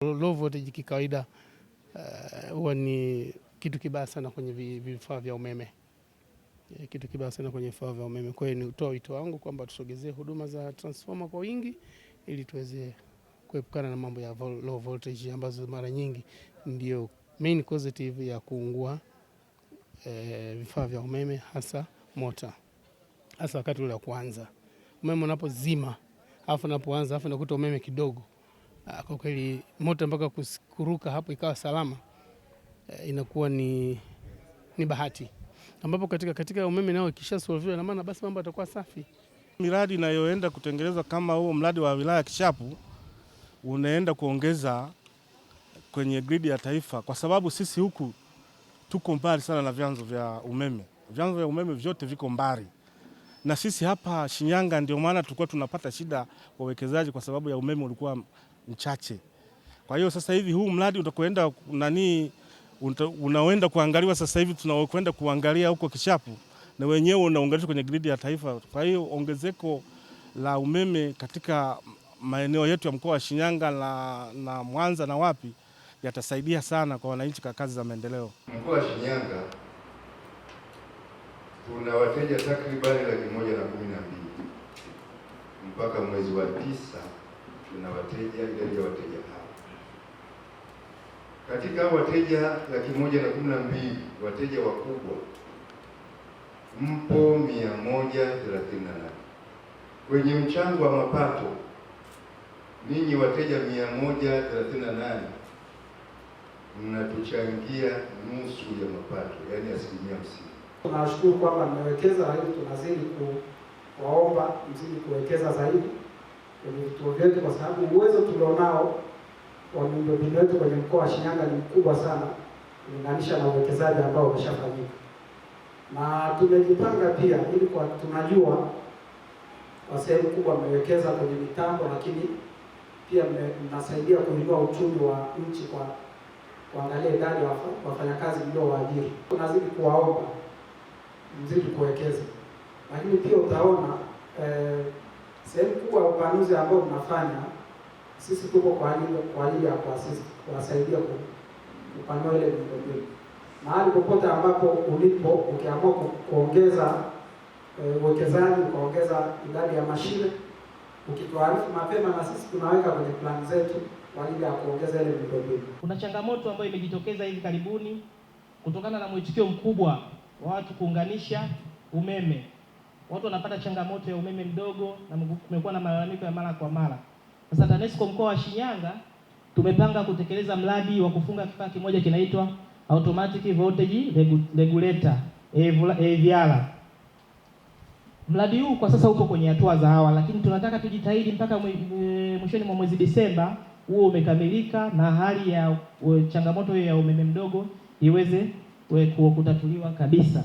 Low voltage kikawaida eh, huwa uh, ni kitu kibaya sana kwenye vifaa vya umeme, eh, kitu kibaya sana kwenye vifaa vya umeme. Kwa hiyo nitoa wito wangu kwamba tusogezee huduma za transformer kwa wingi ili tuweze kuepukana na mambo ya low voltage ambazo mara nyingi ndio main causative ya kuungua eh, vifaa vya umeme hasa mota, hasa wakati ule wa kwanza umeme unapozima, afu unapoanza alafu nakuta umeme kidogo Ah, kwa kweli moto mpaka kuruka hapo ikawa salama eh, inakuwa ni, ni bahati ambapo katika, katika umeme nao solve na maana basi mambo yatakuwa safi. Miradi inayoenda kutengenezwa kama huo mradi wa wilaya ya Kishapu unaenda kuongeza kwenye gridi ya taifa, kwa sababu sisi huku tuko mbali sana na vyanzo vya umeme. Vyanzo vya umeme vyote viko mbali na sisi hapa Shinyanga, ndio maana tulikuwa tunapata shida wawekezaji, kwa sababu ya umeme ulikuwa mchache. Kwa hiyo sasa hivi huu mradi utakwenda nani, unaenda kuangaliwa sasa hivi, tunaokwenda kuangalia huko Kishapu na wenyewe unaunganishwa kwenye gridi ya taifa. Kwa hiyo ongezeko la umeme katika maeneo yetu ya mkoa wa Shinyanga na, na Mwanza na wapi yatasaidia sana kwa wananchi kwa kazi za maendeleo. Mkoa wa Shinyanga tuna wateja takribani laki moja na kumi na mbili mpaka mwezi wa tisa tuna wateja ndani ya wateja hao. Katika wateja laki moja na kumi na mbili wateja wakubwa mpo mia moja thelathini na nane kwenye mchango wa mapato ninyi wateja mia moja thelathini na nane mnatuchangia nusu ya mapato, yaani asilimia hamsini. Tunashukuru kwamba mmewekeza, lakini tunazidi kuwaomba mzidi kuwekeza zaidi kwenye vituo vyetu, kwa sababu uwezo tulionao wa miundombinu yetu kwenye mkoa wa Shinyanga ni mkubwa sana kulinganisha na uwekezaji ambao umeshafanyika, na tumejipanga pia ili kwa, tunajua kwa sehemu kubwa mmewekeza kwenye mitambo, lakini pia mnasaidia kuinua uchumi wa nchi kwa kuangalia idadi ya wafanyakazi mlio waajiri. kuwaomba mzidi kuwekeza, lakini pia utaona eh, Sehemu kubwa ya upanuzi ambao tunafanya sisi tuko kwa ajili kwa ajili ya kuwasaidia kupanua ile miundombinu. Mahali popote ambapo ulipo, ukiamua kuongeza eh, uwekezaji, ukaongeza idadi ya mashine, ukituarifu mapema, na sisi tunaweka kwenye plani zetu kwa ajili ya kuongeza ile miundombinu. Kuna changamoto ambayo imejitokeza hivi karibuni kutokana na mwitikio mkubwa wa watu kuunganisha umeme watu wanapata changamoto ya umeme mdogo na kumekuwa na malalamiko ya mara kwa mara. Sasa TANESCO mkoa wa Shinyanga tumepanga kutekeleza mradi wa kufunga kifaa kimoja kinaitwa automatic voltage regulator e AVR. E mradi huu kwa sasa uko kwenye hatua za awali, lakini tunataka tujitahidi mpaka mwishoni mwa mwezi Desemba huo umekamilika na hali ya changamoto ya umeme mdogo iweze e, kutatuliwa kabisa.